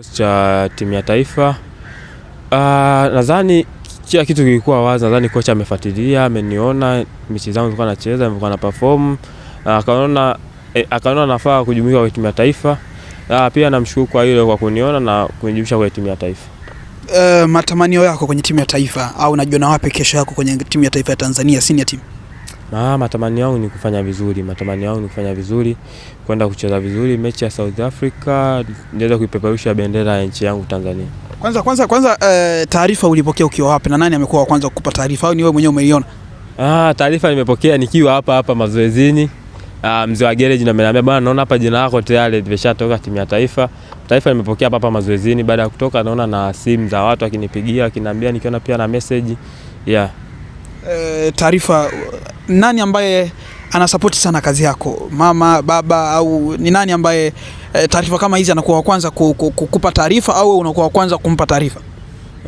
Kikosi cha timu ya taifa uh, nadhani kila kitu kilikuwa wazi. Nadhani kocha amefuatilia, ameniona mechi zangu nilikuwa nacheza, nilikuwa na perform, ah, akaona eh, akaona nafaa kujumuika kwa timu ya taifa. Uh, pia namshukuru kwa hilo kwa kuniona na kunijumuisha kwa timu ya taifa. Uh, matamanio yako kwenye timu ya taifa au unajiona wapi kesho yako kwenye timu ya taifa ya Tanzania senior team? Na matamanio yangu ni kufanya vizuri, matamanio yangu ni kufanya vizuri, kwenda kucheza vizuri mechi ya South Africa, niweze kuipeperusha bendera ya nchi yangu Tanzania. Kwanza kwanza kwanza, uh, taarifa ulipokea ukiwa wapi na nani amekuwa wa kwanza kukupa taarifa au ni wewe mwenyewe umeiona? Ah, taarifa nimepokea nikiwa hapa hapa mazoezini. Ah, mzee wa gereji na ameniambia bwana, naona hapa jina lako tayari limeshatoka timu ya taifa. Taifa nimepokea hapa hapa mazoezini. Baada ya kutoka, naona na simu za watu akinipigia akiniambia, nikiona pia na message yeah. E, taarifa nani ambaye anasapoti sana kazi yako, mama, baba au ni nani ambaye e, taarifa kama hizi anakuwa wa kwanza kukupa taarifa au unakuwa wa kwanza kumpa taarifa?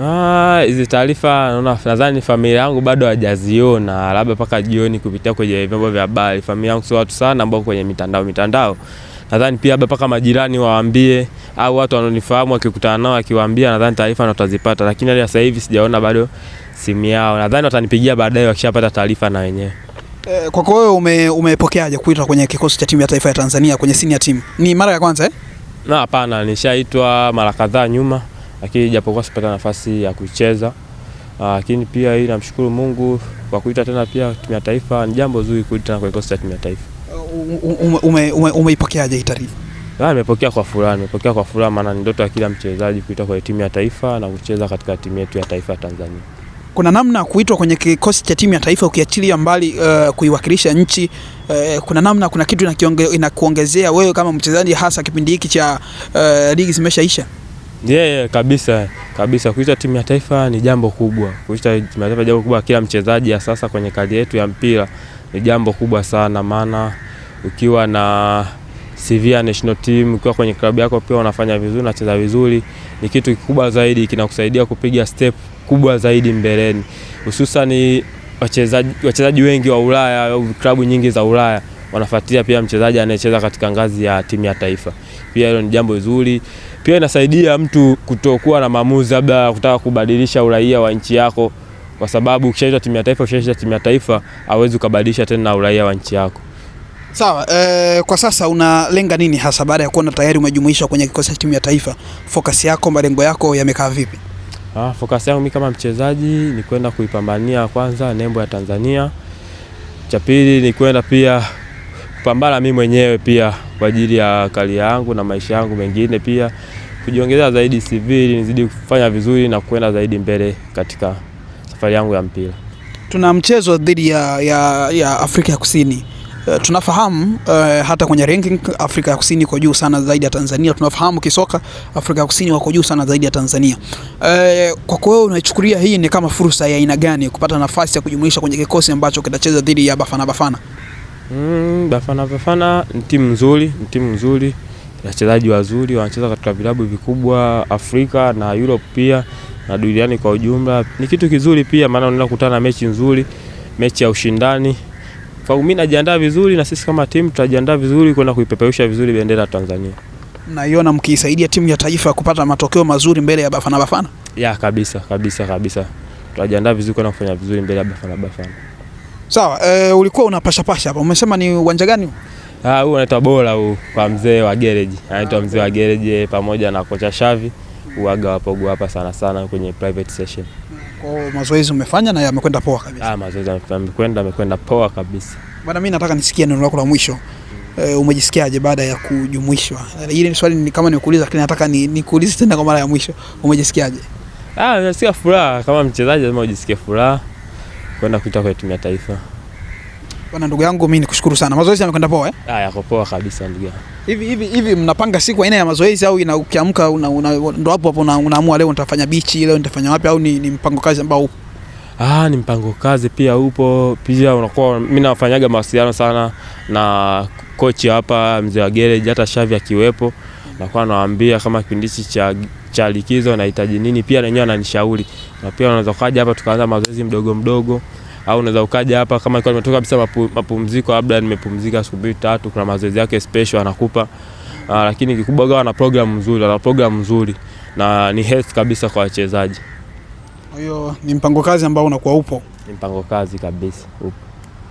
Ah, hizi ah, taarifa nadhani familia yangu bado hajaziona, labda mpaka jioni kupitia kwenye vyombo vya habari. Familia yangu sio watu sana ambao kwenye mitandao mitandao, nadhani pia labda mpaka majirani waambie, au watu wanaonifahamu wakikutana nao akiwaambia, nadhani taarifa watazipata, lakini hadi sasa hivi sijaona bado simu yao. Nadhani watanipigia baadaye wakishapata taarifa na wenyewe. Eh, kwako wewe ume, umepokeaje kuitwa kwenye kikosi cha timu ya taifa ya Tanzania kwenye senior team? Ni mara ya kwanza eh? Na hapana, nishaitwa mara kadhaa nyuma, lakini japokuwa sipata nafasi ya kucheza, ah, lakini pia hii namshukuru Mungu kwa kuita tena pia timu ya taifa. Ni jambo zuri kuita tena kwa kikosi cha timu ya taifa. Uh, umeipokeaje hii taarifa? Ah, nimepokea kwa furaha, nimepokea kwa furaha, maana ni ndoto ya kila mchezaji kuitwa kwenye timu ya taifa na kucheza katika timu yetu ya taifa ya Tanzania kuna namna kuitwa kwenye kikosi cha timu ya taifa ukiachilia mbali uh, kuiwakilisha nchi uh, kuna namna, kuna kitu inakuongezea wewe kama mchezaji, hasa kipindi hiki cha uh, ligi zimeshaisha. Yeah, yeah, kabisa kabisa, kuitwa timu ya taifa ni jambo kubwa. Kuitwa timu ya taifa jambo kubwa, kila mchezaji ya sasa kwenye kali yetu ya mpira ni jambo kubwa sana, maana ukiwa na CV ya national team ukiwa kwenye klabu yako pia unafanya vizuri, unacheza vizuri, ni kitu kikubwa zaidi, kinakusaidia kupiga step kubwa zaidi mbeleni, hususan wachezaji, wachezaji wengi wa Ulaya au klabu nyingi za Ulaya wanafuatilia pia mchezaji anayecheza katika ngazi ya timu ya taifa. Pia hilo ni jambo zuri, pia inasaidia mtu kutokuwa na maamuzi labda kutaka kubadilisha uraia wa nchi yako, kwa sababu ukishacheza timu ya taifa, ukishacheza timu ya taifa hauwezi ukabadilisha tena uraia wa nchi yako. Sawa. E, kwa sasa unalenga nini hasa baada ya kuona tayari umejumuishwa kwenye kikosi cha timu ya taifa? Fokasi yako, malengo yako yamekaa vipi? Ah, fokasi yangu mi kama mchezaji ni kwenda kuipambania kwanza nembo ya Tanzania. Cha pili ni kwenda pia kupambana mimi mwenyewe pia kwa ajili ya kali yangu na maisha yangu mengine pia kujiongezea zaidi CV ili nizidi kufanya vizuri na kwenda zaidi mbele katika safari yangu ya mpira. Tuna mchezo dhidi ya, ya, ya Afrika ya Kusini. Eh, tunafahamu uh, hata kwenye ranking Afrika ya Kusini iko juu sana zaidi ya Tanzania. Tunafahamu kisoka Afrika ya Kusini wako juu sana zaidi ya Tanzania. Uh, kwa kwa wewe unachukulia hii ni kama fursa ya aina gani kupata nafasi ya kujumuisha kwenye kikosi ambacho kitacheza dhidi ya Bafana Bafana? Mm, Bafana Bafana ni timu nzuri, ni timu nzuri, wachezaji wazuri, wanacheza katika vilabu vikubwa Afrika na Europe pia na duniani kwa ujumla. Ni kitu kizuri pia, maana unaenda kukutana na mechi nzuri, mechi ya ushindani kwangu mimi najiandaa vizuri, na sisi kama timu tutajiandaa vizuri kwenda kuipeperusha vizuri bendera ya Tanzania. Naiona mkiisaidia timu ya taifa kupata matokeo mazuri mbele ya Bafana Bafana. Ya kabisa kabisa kabisa, tutajiandaa vizuri kwenda kufanya vizuri mbele ya Bafana Bafana. Sawa. E, ulikuwa unapashapasha hapa, umesema ni uwanja gani huu? Ah, huu unaitwa Bora huu kwa mzee wa gereji, anaitwa ah, mzee wa gereji eh, pamoja na kocha Shavi, uaga wapogo hapa sana sana kwenye private session kwa mazoezi umefanya na yamekwenda poa kabisa? Ah, mazoezi yamekwenda yamekwenda poa kabisa. Bwana, mimi nataka nisikie neno lako la mwisho. E, umejisikiaje baada ya kujumuishwa? Eh, hili ni swali kama nimekuuliza, lakini nataka nikuulize tena kwa mara ya mwisho, umejisikiaje? Ah, nasikia furaha kama mchezaji, lazima ujisikie furaha kwenda kuita kwa timu ya taifa. Bwana ndugu yangu mimi nikushukuru sana. Mazoezi yamekwenda poa eh? Ah, yako poa kabisa ndugu yangu. Hivi hivi hivi mnapanga siku aina ya mazoezi au ina ukiamka una, una, ndo hapo hapo unaamua leo nitafanya bichi, leo nitafanya wapi au ni, ni mpango kazi ambao upo? Ah, ni mpango kazi pia upo. Pia unakuwa mimi nafanyaga mawasiliano sana na kochi hapa mzee wa gereji hata Shavi akiwepo. Nakuwa nawaambia kama kipindi cha cha likizo nahitaji nini, pia wenyewe ananishauri, Na pia unaweza kaja hapa tukaanza mazoezi mdogo mdogo au unaweza ukaja hapa kama ikiwa nimetoka kabisa mapumziko mapu, labda nimepumzika siku mbili tatu, kuna mazoezi yake special anakupa. uh, lakini kikubwa gawa na program nzuri, ana program nzuri na ni health kabisa kwa wachezaji. Kwa hiyo ni mpango kazi ambao unakuwa upo, ni mpango kazi kabisa upo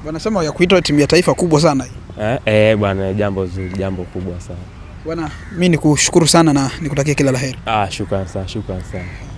bwana. Sema ya kuitwa timu ya taifa kubwa sana hii eh, eh, bwana, jambo zuri, jambo kubwa sana bwana. Mimi nikushukuru sana na nikutakia kila la heri. Ah, shukrani sana, shukrani sana.